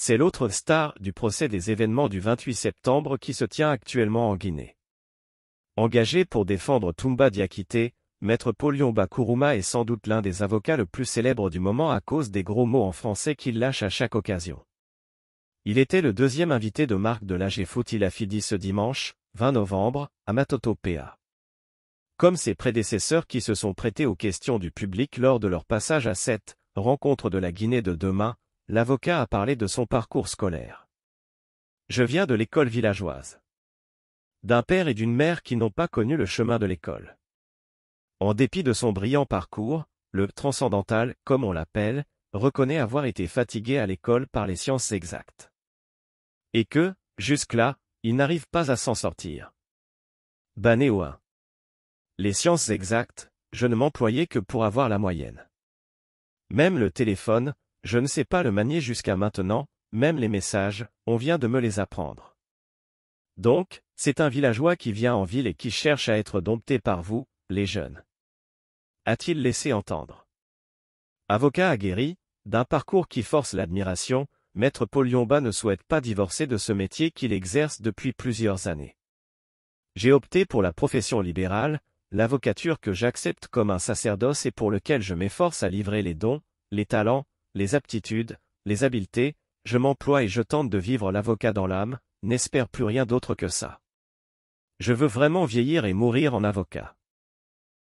C'est l'autre star du procès des événements du 28 septembre qui se tient actuellement en Guinée. Engagé pour défendre Toumba Diakité, Maître Polion Bakuruma est sans doute l'un des avocats le plus célèbres du moment à cause des gros mots en français qu'il lâche à chaque occasion. Il était le deuxième invité de Marc de l'AG La fidi ce dimanche, 20 novembre, à Matotopea. Comme ses prédécesseurs qui se sont prêtés aux questions du public lors de leur passage à cette rencontre de la Guinée de demain, L'avocat a parlé de son parcours scolaire. Je viens de l'école villageoise. D'un père et d'une mère qui n'ont pas connu le chemin de l'école. En dépit de son brillant parcours, le transcendantal, comme on l'appelle, reconnaît avoir été fatigué à l'école par les sciences exactes. Et que, jusque-là, il n'arrive pas à s'en sortir. Banéo 1. Les sciences exactes, je ne m'employais que pour avoir la moyenne. Même le téléphone, je ne sais pas le manier jusqu'à maintenant, même les messages, on vient de me les apprendre. Donc, c'est un villageois qui vient en ville et qui cherche à être dompté par vous, les jeunes. A-t-il laissé entendre Avocat aguerri, d'un parcours qui force l'admiration, Maître Paul ne souhaite pas divorcer de ce métier qu'il exerce depuis plusieurs années. J'ai opté pour la profession libérale, l'avocature que j'accepte comme un sacerdoce et pour lequel je m'efforce à livrer les dons, les talents, les aptitudes, les habiletés, je m'emploie et je tente de vivre l'avocat dans l'âme, n'espère plus rien d'autre que ça. Je veux vraiment vieillir et mourir en avocat.